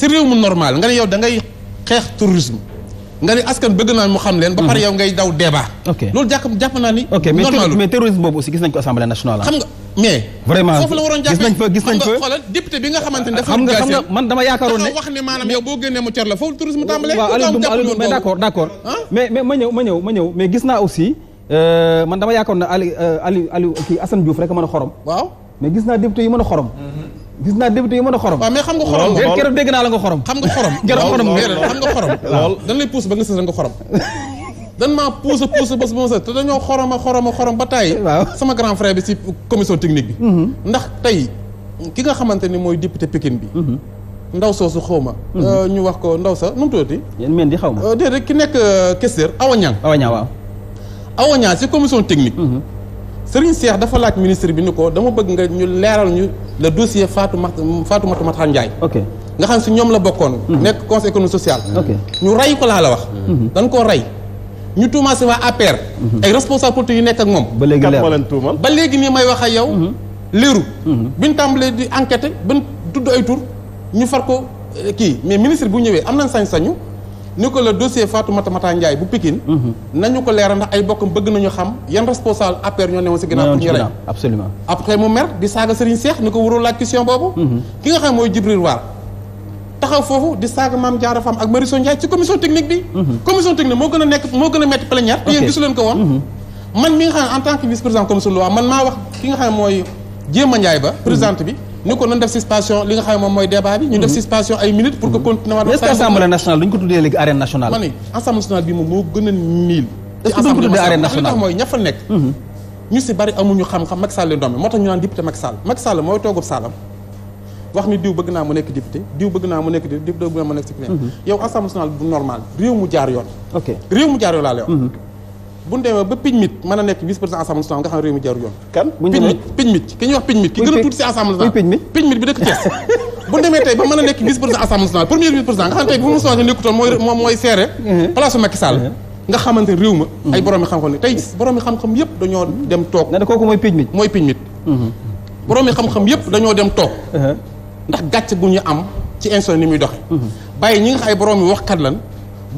si réew mu normal nga ne yow da ngay xeex tourisme nga ne askan bëgg naa mu xam leen. ba pare mhm. yow ngay daw débat. ok loolu jàpp jàpp ni. ok mais terrorisme boobu aussi gis nañ ko assemblée nationale xam man dama yaakaaroon ne wax ne maanaam yow boo génnee mu cër la foofu tourisme tàmbalee. waaw mais ah? ma ñëw ma ñëw mais gis naa aussi euh, man dama yaakaaroon ne euh, kii Assane Diouf rek a mën a xorom. waaw mais gis naa député yi mën a xorom mhm. gis naa député yu mën a xorom. waaw mais xam nga xorom lool keroog dégg naa la nga xorom. xam nga xorom keroog xorom xam nga xorom. lool dañ lay pousse ba nga sës nga xorom. dan maa pousse pousse ba ma sës te dañoo xorom a xorom a xorom ba tey. waaw sama grand frère bi si commission technique bi. Mm-hmm. ndax tey ki nga xamante ni mooy député Pikine bi. Mm-hmm. ndaw soosu xaw ma. Mm-hmm. Euh, ñu wax ko ndaw sa nu mu tuddati. yéen meen di xaw ma. Euh, déedéet ki nekk questeur euh, Awa Niang. Awa Niang waaw. Awa Niang si commission technique. Serigne Cheikh dafa laaj ministre bi ni ko dama bëgg nga ñu leeral ñu le faatu Fatou Fatoumata Matar Ndiaye nga xam si ñoom la bokkoon mm-hmm. nekk conseil économique social ñu rey ko laa wax mm-hmm. dañ koo rey ñu tuumaal si waa APR mm-hmm. ay responsable politique yi nekk ak moom ba léegi nii may wax a yow léeru bi ñu tàmbalee di enquêté ba ñu tudd ay tur ñu far ko eh, kii mais ministre bu ñëwee am nañ sañ-sañu ni ko le dossier Fatoumata Mata Ndiaye bu Pikine mhm. nañu ko leeral ndax ay bokkam bëgg nañu xam yan responsable APR ñoo newoon si ginnaaw pour ñu rey absolument après mu mer di saaga Serigne Cheikh ni ko warul question boobu mhm. ki nga xam mooy Djibril taxaw foofu di saaga Mame Diarra Fam ak Mariso Ndiaye ci commission technique bi mhm. commission technique moo gën a nekk moo gën a metti plénière te yéen gisu leen ko woon man mi nga xam en tant que vice président ni ko nan def suspension li nga xam ne moom mooy débat bi. ñu def mhm. suspension ay minutes pour que mhm. continuer waat. est-ce que assemblée nationale duñ ko tuddee léegi arène nationale. ma ne assemblée nationale bi a mooy ña mhm. mooy toogub Saalam wax ni diw bëgg naa mu nekk député diw bëgg naa mu nekk député diw bëgg naa mu nekk si yow assemblée nationale bu normal réew mu jaar yoon. réew mu jaar yoon laa lay wax bu ñu demee ba Pidmit mën a nekk vice président assemblée nationale nga xam ne réew mi jaru yoon. kan bu ki ñuy wax Pidmit. ki gën a tuuti si assemblée nationale Pidmit bi dëkk Thiès. bu ñu demee tey ba mën a nekk vice président assemblée nationale premier vice président nga xam ne tey bu mu soxla nekkutoon mooy moom mooy seere. Uh-huh. place uh-huh. xamante réew ma. Uh-huh. ay borom mi xam-xam ne tey borom mi xam-xam yëpp dañoo dem toog. mooy Pidmit mooy xam-xam yëpp dañoo dem toog. ndax gàcce gu ñu am ci institution ni muy doxe bàyyi ñi nga xam ay borom mi waxkat lan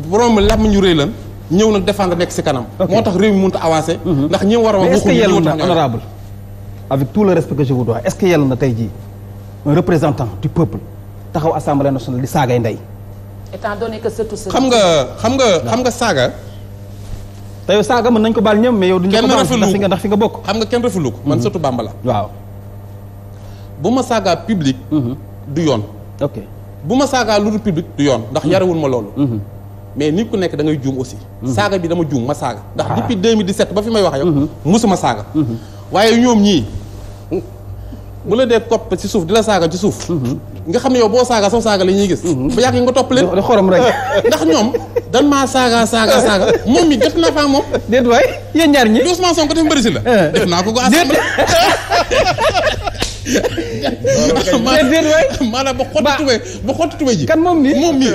borom mi làmmiñ ñu rëy lan ñëw nag défendre nekk ci kanam. moo tax réew mi mënut avancé. Mhm. ndax ñi war a wax waxuñu ñëw tax honorable le respect que je vous dois est-ce que yàlla na tey jii un représentant du peuple taxaw assemblée nationale di saagay ndey. que surtout xam nga xam nga xam nga saaga. te yow saaga mën nañ ko baal ñëm mais yow. du ko baal ndax fi nga ndax fi nga bokk. xam nga kenn refulu ko man mhm. surtout Bamba la. waaw bu ma saagaa public. Mhm. du yoon. ok bu ma saagaa lu dul du yoon ndax yarewul ma loolu. mais nit ku nekk da ngay juum aussi. Mhm. saaga bi dama juum ma saaga. ndax ah. depuis 2017 ba fi may wax yow. Mhm. musuma saaga. Mhm. waaye ñoom ñii bu la dee topp ci suuf di la saaga ci suuf. nga xam ne yow boo saaga saw saaga la ñuy gis. ba yàgg nga topp leen di xorom rek. ndax ñoom dan maa saaga saaga saaga moom mi def naa faa moom. déet waay yéen ñaar ñi. Ousmane Sonko def mbëri si la. Eh. def naa ko ko assemblée. maanaam ba xotti tubéy ba xotti tubéy ji. kan moom nii moom nii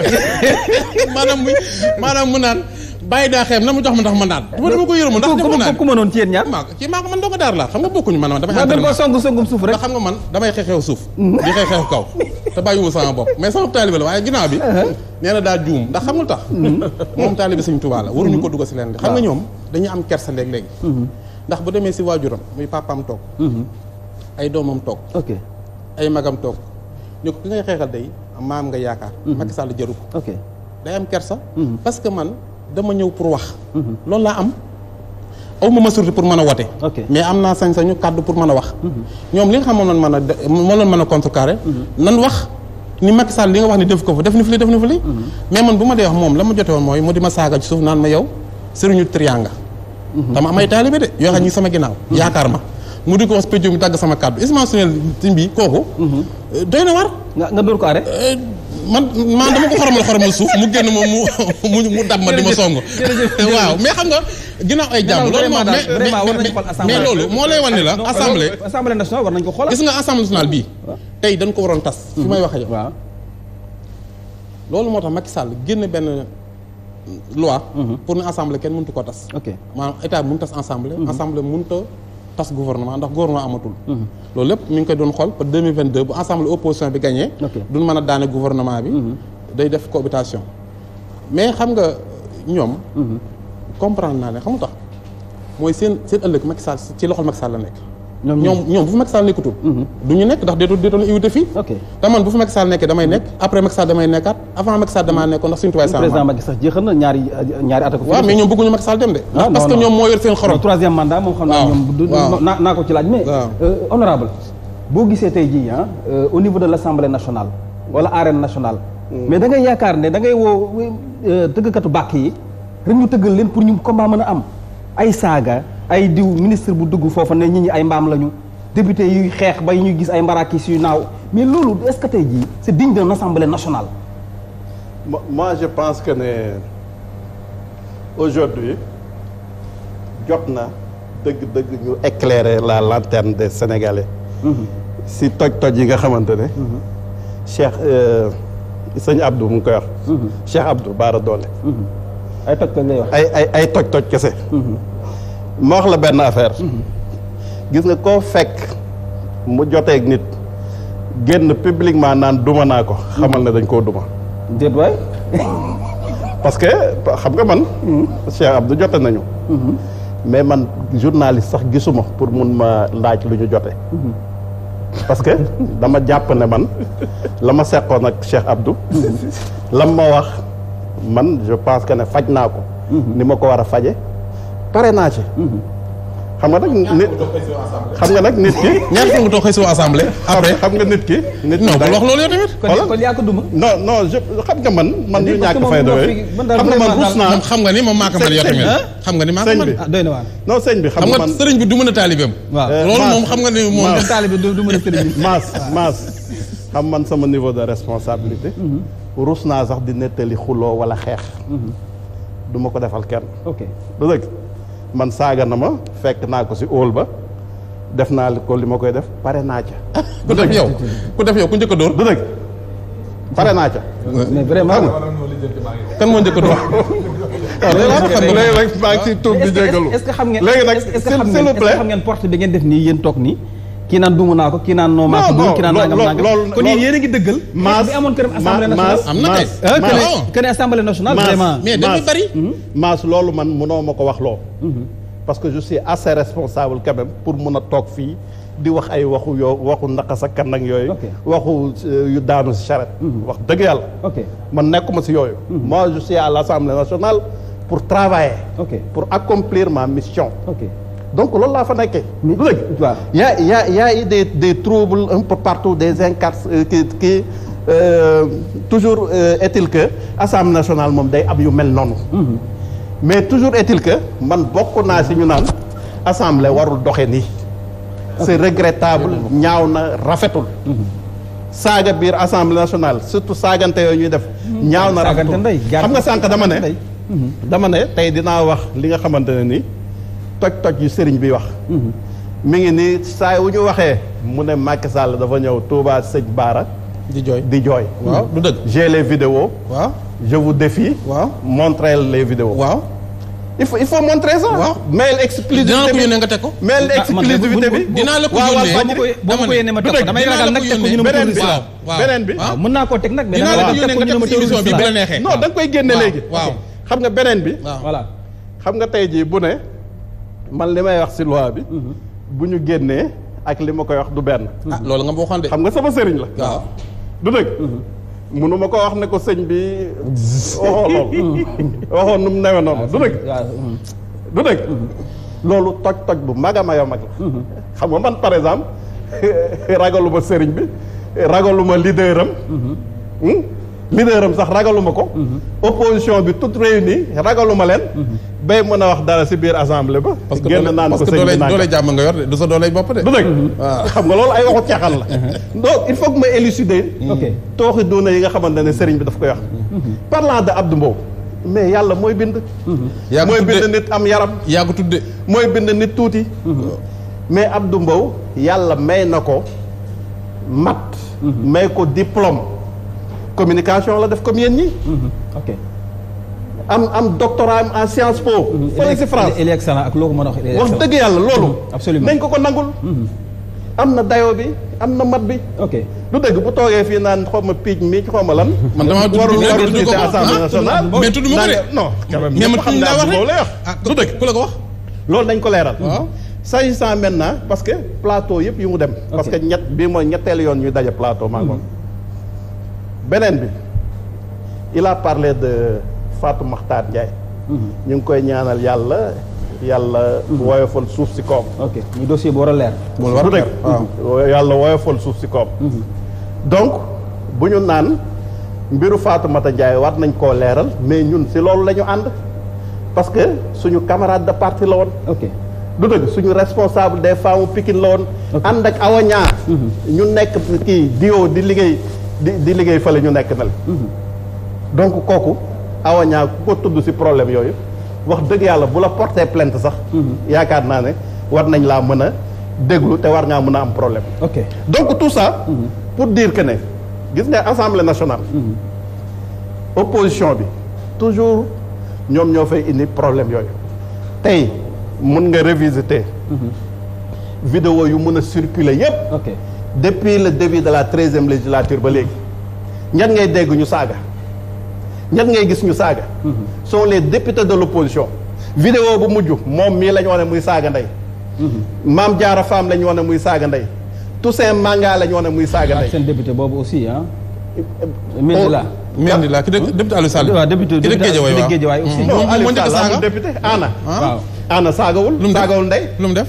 maanaam muy maanaam mu naan bàyyi daa xeem na mu jox ma ndax ma naan. bu ma dama ko yërëmu ndax dama naan ku ma noonu ci yéen ñaar. maa ci maa ko man doog daar laa xam nga bokkuñu man. damay ànd ak ma song songum suuf rek. xam nga man damay xeexew suuf. di xeexew kaw te bàyyiwuma sama bopp mais sama taalibe la waaye ginnaaw bi. Uh-huh. nee na daa juum ndax xam nga tax. Mm-hmm. moom taalibe Sëñ Tuubaa waruñu ko mm-hmm. dugal si leen xam nga ñoom dañuy am kersa léeg-léegi mm-hmm. ndax bu demee si waajuram muy papaam toog ay doomam toog. ok ay magam toog ni ko ki ngay xeexal day maam nga yaakaar. Mhm. Macky Sall jaru ko. ok day am kersa. Mhm. parce que man dama ñëw pour wax. Mhm. loolu laa am. aw ma maturité pour mën a wote mais am naa sañ-sañu kàddu pour mën a wax ñoom li nga xam moom mën a moo leen mën a contrecarré nan wax ni Macky Sall li nga wax ni def ko fa def ni fili def ni fili mais man bu ma dee wax moom la ma jote woon mooy mu di ma saaga ci suuf naan ma yow sëriñu trianga dama am ay taalibe de yoo xam ñi sama ginnaaw yaakaar ma mu di ko wax péccu mu tàgg sama kàddu Ismaïla Sunel Tine bi kooku. Mhm. Euh, doy na war. nga nga dóor ko arrêt. Euh, man man dama ko xoromal xoromal suuf mu génn moom mu dab ma di ma song. waaw mais xam nga. ginnaaw ay jàmm loolu moom mais loolu moo lay wan ne la assemblée. assemblée nationale war nañ ko xoolal. gis nga assemblée nationale tey dañ ko waroon tas. fi may mhm. wax ak waaw loolu moo tax Macky sàll génn benn loi. Mhm. pour ne assemblée kenn mëntu ko tas. ok maanaam état mënut tas assemblée. assemblée mënut tas gouvernement ndax gouvernement amatul mhm. loolu lépp mi ngi koy doon xool pour 2022 bu ensemble opposition bi gagné duñ mën a daane gouvernement bi mhm. day def cohabitation mais xam nga ñoom mhm. comprendre naa ne xamu tax mooy seen seen ëllëg Macky Sall ci loxol Macky Sall la nekk ñoom ñoom bu fi Macky Sall mhm. du ñu nekk ndax déetul déetoon iwute fii te man bu fi Macky nekkee damay nekk après Macky damay nekkaat mhm. ndax suñu tubaab sàmm président sax jeexal na ñaari ñaari at ko mais ñoom bëgguñu Macky dem de ah, parce que ñoom moo yor seen xorom troisième mandat moom xam naa ko ci laaj mais euh, honorable boo gisee tey jii ah euh, au niveau de l'Assemblée nationale wala arène nationale mm. mais da ngay yaakaar ne da ngay woo euh, tëggkatu bàkk yi rek ñu tëggal leen pour ñu combat mën a ay saaga ay diw ministre bu dugg foofu ne ñi ñi ay mbaam lañu député yuy xeex bay ñuy gis ay mbarakis yu naaw mais loolu est-ce que tey jii c'est digne d'un assemblée nationale moi je pense que ne aujourd'hui jot na dëgg-dëgg ñu éclairer la lanterne de Sénégalais mm-hmm. si toj-toj yi nga xamante ne mm-hmm. Cheikh euh, sëñ Abdou mu koy wax mm-hmm. Cheikh Abdou Bara Dolé ay ay ay ay toj-toj kese ma wax la benn affaire mhm. gis nga koo fekk mu joteeg nit génn publiquement naan duma naa ko xamal ne dañ koo duma déet waay parce que xam nga man mhm. Cheikh Abdou jote nañu mhm. mais man journaliste sax gisuma pour mun ma laaj lu ñu jote parce que dama jàpp ne man la ma seqoon nag Cheikh Abdou lam ma wax man je pense que ne faj naa ko ni ma ko war a faje pare naa ci. xam nga nag nit xam nga nag nit ki. ñaar fi mu toog xëy assemblée. après xam nga nit ki. nit non wax loolu yow tamit. kon kon yaa ko duma. xam nga man. man ñu ñàkk fay doyee xam nga man rus naa xam nga ni moom maa ko mën yow xam nga ni maa ko mën ah doy na waar. bi xam nga man sëriñ bi du mën a taalibeem. waaw loolu xam nga ni moom. maas taalibe du mën a sëriñ bi. maas maas xam man sama niveau de responsabilité. Mhm. rus naa sax di nettali xuloo wala xeex. Mhm. du ma ko defal kenn. ok dëgg man saaga na ma fekk naa ko si óol ba def naa ko li ma koy def pare naa ca. ku def yow ku def yow ku njëkk a dóor. du dëgg pare naa ca. mais kan moo njëkk a dóor. Ah, léegi nag maa ngi si tuub bi porte bi ngeen def nii yéen toog nii. kii naan duumu naa ko kii naan noo maa ko duum kii naan nangam nangam kon yéen yéen a ngi dëggal maas bi amoon këram ah, assemblée nationale am hmm? maas loolu man mënoo ma ko wax loo hmm. parce que je suis assez responsable quand même pour mun a toog fii di wax ay waxu yoo waxu naqas ak kanang yooyu waxu euh, yu daanu si charrette hmm. wax dëgg yàlla man nekkuma si yooyu moi je suis à l'assemblée nationale pour travailler pour accomplir ma mission donc loolu laa fa nekke du dëgg waaw y' a y' a des des troubles partout des incarces euh, qui qui euh, toujours euh, est-il nationale moom day ab yu mel noonu. Mhm. mais toujours est-il que man bokk naa si ñu naan assemblée warul doxe nii. c'est regrettable ñaaw na rafetul. Mhm. saaga biir assemblée nationale surtout saagante yooyu ñuy def. Mhm. ñaaw na rafetul xam nga sànq dama ne. dama ne tey dinaa wax li nga xamante ne nii. toj-toj yu sëriñ bi wax. Mhm. mi ngi ni saa wu ñu waxee mu ne Macky Sall dafa ñëw Touba sëñ Baara. di jooy di jooy. waaw du dëgg. j'ai les vidéos. waaw je vous défie. waaw montrez les vidéos. waaw il faut il faut montrer ça. waaw mail exclusivité bi dinaa nga teg ko. mail ah, exclusivité bi dinaa la ko yónnee boo ma ko yéene ma teg ko teg ko ñu ne ma terroriste la. waaw beneen bi waaw mën naa koo teg nag. dinaa la ko yónnee nga teg ko ci émission bi bu la neexee. non koy génne léegi. xam nga beneen bi. voilà xam nga tey jii bu ne. man li may wax si loi bi. Mhm. bu ñu génnee ak li ma koy wax du benn. Ah, loolu nga ma waxoon xam nga sama sëriñ la. waaw du dëgg. Mhm. munu ma ko wax ne ko sëñ bi waxoo lool waxoon nu mu newe noonu du dëgg mhm. du dëgg loolu toj toj bu mag a mag a la xam nga man par exemple ragalu sëriñ bi ragalu ma leader am hmm? leader am sax ragalu ma ko opposition bi toute réunie ragalu ma leen bay mën a wax dara si biir assemblée ba. parce que génn naan ko sëñ bi naan nga yor de du sa doole bopp de. du dëgg ah. xam nga loolu ay waxu caaxaan la. donc il faut que ma élucider. Hmm. ok tooxi yi nga xamante ne sëriñ bi daf koy wax. Hmm. parlant de Abdou Mbow. mais yàlla mooy bind. Hmm. yaa mooy bind nit am yaram. yaa ko tudde mooy bind nit tuuti. mais Abdou Mbow yàlla may na ko mat. may ko diplôme communication la def comme yéen ñi. am am doctorat am en Sciences Po. fële si France ak loo ko mën a wax. wax dëgg yàlla loolu. Mm-hmm. absolument nañ ko ko nangul. Mm-hmm. am na dayoo bi am na mat bi. ok du dëgg bu toogee fii naan xaw ma piij mi xaw ma lan. man damaa tudd warul warul jiite assemblée ah, mais ma ko de non. wax de ah, loolu dañ ko leeral. waaw s'agissant maintenant parce que plateau yëpp yu mu dem. parce que ñett bii mooy ñetteelu yoon ñuy daje plateau. maa mm-hmm. beneen bi il a parlé de. Fatou Makhtar Ndiaye. Mhm. ñu ngi koy ñaanal yàlla. yàlla mhm. woyofal suuf si koom. ok ñu war a leer. bu war a leer waaw yàlla woyofal suuf si koom. Mhm. donc bu ñu naan mbiru Fatou Mata Ndiaye war nañ koo leeral mais ñun si loolu lañu ànd parce que suñu camarade de parti la woon. ok du dëgg suñu responsable des femmes pikin la woon. ànd ak awa ñu nekk kii diwo di liggéey di di liggéey fële ñu nekk na la donc kooku. awañaa ku ko tudd si problème yooyu wax dëgg yàlla bu la porté plainte sax mhm. yaakaar naa ne war nañ laa mën a déglu te war ngaa mën a am problème ok donc tout ça mhm. pour dire que ne gis nga assemblée nationale mhm. opposition bi toujours ñoom ñoo fay indi problème yooyu tey mun nga revisiter vidéo yu mun a circuler yépp depuis le début de la treizième législature ba léegi ñan ngay dégg ñu saaga ñan ngay gis ñu saaga mm-hmm. sont les députés de l'opposition vidéo bu mujj moom mii la ñu wane muy saaga ndey mm-hmm. maam jaara Fam la ñu muy saaga ndey Toussaint Manga la ñu wane muy saaga ndey seen député boobu aussi ah eh, eh, Mendela oh, Mendela ah. ki dëkk député Aliou Sall waaw député ki dëkk Guédiawaye waaw Guédiawaye aussi mm-hmm. non Aliou Sall amul ah. député Anna ah. waaw Anna saagawul saagawul ndey lu mu def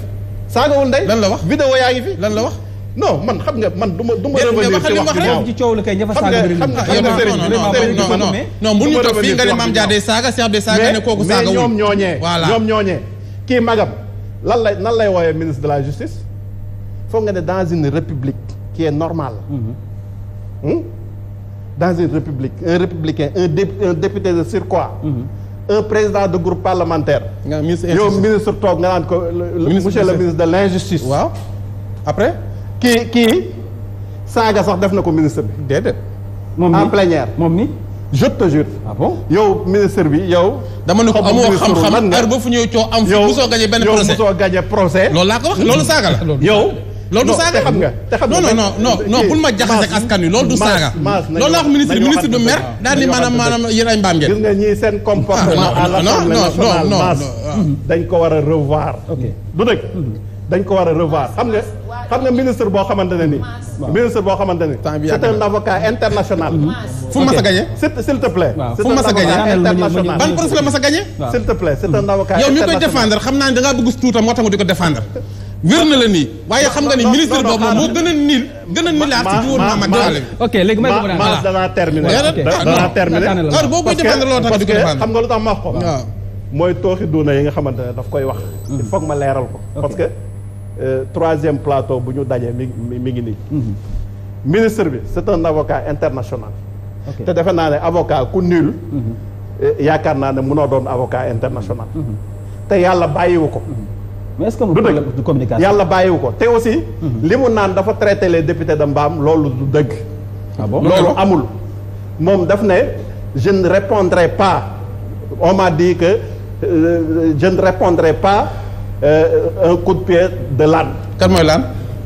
saagawul ndey lan la wax vidéo yaa ngi fi lan la wax non man xam nga man du ma du ma revenir ci wax ci coow la kay ñafa saaga bëri xam nga xam nga sëriñ non non bu ñu toog fii ne maam saaga Cheikh mais ñoom ñooñee kii magam lan lay lan lay wooyee ministre de la justice foog nga ne dans une république qui est normale mm-hmm. hmm? dans une république un républicain un député de surcroît. Mm-hmm. un président de groupe parlementaire. nga ministre yow ministre toog nga naan ko. monsieur le ministre de l' injustice. waaw après. kii kii saaga sax def na ko ministre bi déedéet. moom en plénière moom nii je te ah yow ministre bi yow. dama ne ko amoo xam-xam heure ba fu ñëw coow am. yow musoo gañe benn procès yow musoo gañe procès. loolu laa ko wax loolu saaga la. yow loolu saaga xam nga te xam nga non non non non bul ak askan wi loolu du saaga. loolu la wax ministre bi ministre du maire daal ni maanaam maanaam yéen ay mbaam ngeen. gis nga ñii dañ ko war a revoir. ok du dëgg. dañ ko war a revoir xam nga xam nga ministre boo xamante ne nii. ministre boo xamante ne. c'est un avocat international. fu mu mas a gagné. s'il te plaît. a la mas a gagné. s'il te plaît c'est un avocat yow mi koy défendre xam naa ne da ngaa bëgg tuutam moo tax nga di ko défendre. wér na la nii waaye xam nga ni ministre boobu moom moo gën a niil gën a niilaat ci gouvernement Macky Sall ok léegi may ma ma danaa danaa terminer heure boo koy tax di ko défendre xam nga lu tax ma wax ko mooy tooxi duuna yi nga xamante ne daf koy wax hmm. il ma leeral ko parce Euh, troisième plateau bu ñu dajee mi mi ngi nii. Mhm. ministre bi c'est un avocat international. te defe naa ne avocat ku nul. Mhm. Euh, yaakaar naa ne mënoo doon avocat international. Mhm. te yàlla bàyyiwu ko. mais est-ce yàlla bàyyiwu ko te aussi. li mu naan dafa traité les députés de mbaam loolu du dëgg. ah bon loolu amul. moom daf ne je ne pas on m'a di que euh, je ne répondrai pas. Euh, un coup de pied de l'âne. kan mooy l'âne.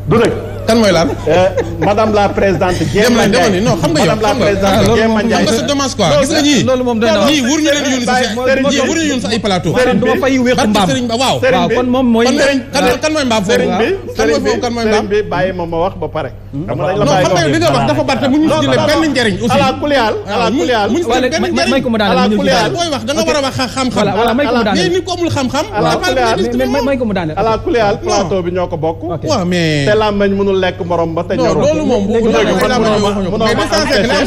du dëgg. kan mooy lan. Euh, madame la présidente. jéem a Ndiaye non xam nga yow xam nga ah, loolu moom xam nga sa dommage quoi. gis nga ñii loolu moom doy na wax ñii waruñu leen yónni si ñii waruñu yónni si ay plateau. sëriñ bi dama fay wéeku mbaam sëriñ bi waaw. waaw kon moom mooy. kan kan mooy mbaam foofu. sëriñ bi sëriñ bi bàyyi ma ma wax ba pare. Hmm? xam nga non xam nga li nga wax dafa barte mu ñu si jëlee benn njëriñ. aussi ala kuliyaal ah, ala kuliyaal. mu ñu si benn njëriñ may ko mu daane ala kuliyaal booy wax da nga war a wax xam-xam. voilà may ko mu daane mais nit ko amul xam-xam. ala kuliyaal may ko mu daane. ala kuliyaal plateau bi ñoo ko bokk. waaw mais te làmmañ mënu mënul lekk morom ba te ñorul loolu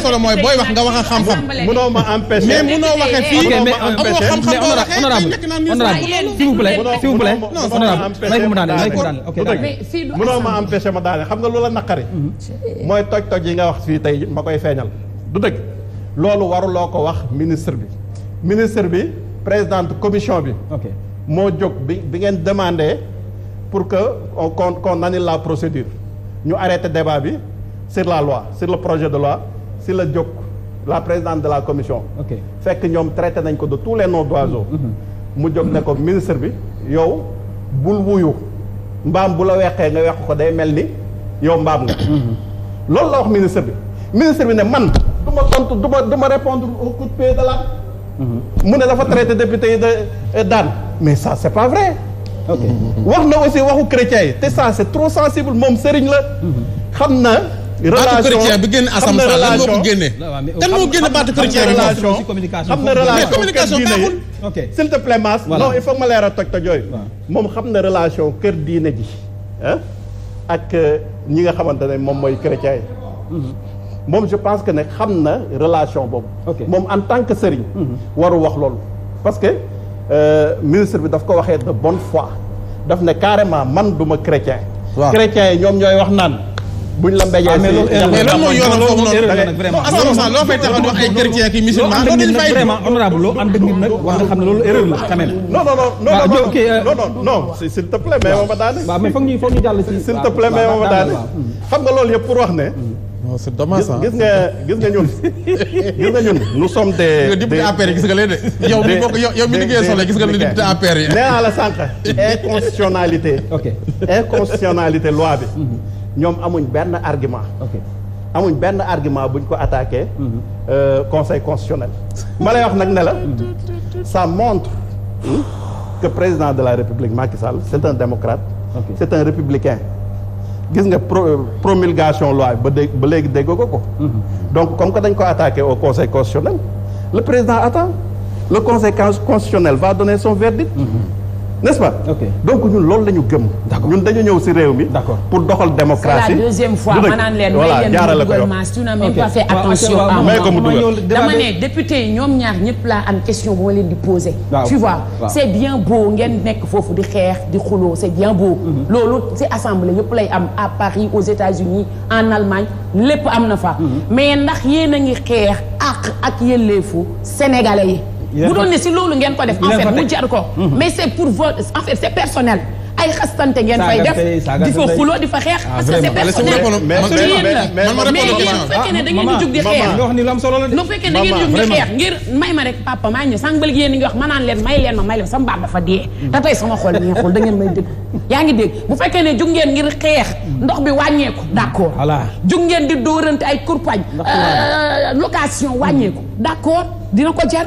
solo mooy booy wax nga wax a xam-xam mënoo ma empêché mais mënoo waxee fii amoo xam-xam boo waxee s'il vous plaît s'il vous plaît mënoo ma empêché la mm-hmm. yi nga wax fii tey ma koy feeñal du dëgg loolu waruloo ko wax ministre bi ministre bi présidente commission bi moo jóg bi bi ngeen demandé pour que qu'on qu'on la procédure ñu arrêté débat bi sur la loi sur le projet de loi si la jóg la présidente de la commission. fekk ñoom traité nañ ko de tous les noms d'oiseaux. Mm-hmm. Mm-hmm. mu jóg ne ko ministre bi yow bul wuyu mbaam bu la weqee nga weq ko day mel ni yow mbaam nga. Mm-hmm. loolu la wax ministre bi ministre bi ne man du ma tontu du ma du ma répondre au coup de pied la. mu ne dafa traité député yi de daan mais ça c'est pas vrai. ok mm-hmm. wax na aussi waxu chrétien yi te ça c'est trop sensible moom sëriñ la. Mm-hmm. xam na. relation chrétien bi génn asam sax lan moo ko génne. kan moo génne baatu chrétien bi moom xam na relation ok s'il te plaît Mass. non il faut moom xam na relation kër diine ji ah. ak euh, ñi nga xamante ne moom mooy chrétien yi. Mm-hmm. moom je pense que ne xam na relation boobu. moom en tant que sëriñ. waru wax loolu parce que. ministre bi daf ko waxee de bon foi daf ne carrément man du ma chrétien. waaw chrétien yi ñoom ñooy wax naan. buñ la mbéjee si mais lan mooy yoonal foofu noonu non wax ay chrétien ki musulman loolu dañu fay loo am dëgg nit nag war nga xam ne loolu erreur la quand même non non non non non non s'il te plaît ma daane waaw mais foog ñu foog ñu jàll si s'il te plaît mais ma daane xam nga loolu yëpp pour wax ne non c'est dommage gis nga gis nga ñun gis nga ñun nous sommes des. des yi gis nga leen de. yow mi bokk yow mi liggéey soxla gis nga ne député APR yi. nee la sànq. inconstitutionnalité. ok loi bi. Mhm. ñoom amuñ benn argument. amuñ benn argument buñ ko attaqué. Mhm. Euh, conseil constitutionnel. ma lay wax nag ne la. Mhm. ça montre. Hmm, que président de la république Macky Sall c'est un démocrate. c'est un gis nga pro promulgation loi ba dé ba léegi dégg ko ko. donc comme que dañ ko attaqué au conseil constitutionnel le président attend le conseil constitutionnel va donner son verdict. n'est-ce pas. Okay. donc ñun loolu la ñu gëm. ñun dañu ñëw si réew mi. d'accord pour doxal démocratie. c'est la deuxième fois ma naan leen may leen dugal ma tu n'as même pas fait attention. dama ne député yi ñoom ñaar ñëpp laa am question bu ma leen di poser. tu vois c'est bien beau ngeen nekk foofu di xeex di xuloo c'est bien beau. Mm-hmm. loolu si assemblée yëpp lay am à Paris aux États-Unis en Allemagne lépp am na fa. Mm-hmm. mais ndax yéen a ngi xeex ak ak yelleefu sénégalais yi. bu doon ne si loolu ngeen ko def en fait mu jar ko mm-hmm. Mm-hmm. mais c'est pour votre en c'est personnel ay xastante ngeen fay def di fa xuloo di fa xeex ah, parce que c'est personnel mais yéen fekkee ne ma rek papa maa ñëw sànq ba léegi yéen a ngi wax ma naan leen may leen ma may leen sama baat dafa dee mm-hmm. te tey sama xol nii xol da ngeen may dégg yaa ngi dégg bu fekkee ne jug ngeen ngir xeex ndox bi wàññeeku d'accord jug ngeen di dóorante ay kurpañ euh, location wàññeeku d'accord dina ko jar.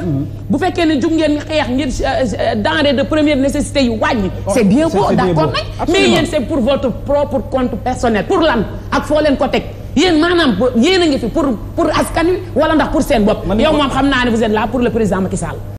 bu fekkee ne jug ngeen xeex ngir euh, euh, denrée de première nécessité yu wàññi. Oh, c'est bien beau d'accord nag mais yéen c'est pour votre propre compte personnel. pour lan ak foo leen ko teg yéen maanaam yéen a ngi fi pour pour askan wi ndax pour seen bopp. yow moom xam naa ne vous pour le président Macky Sall.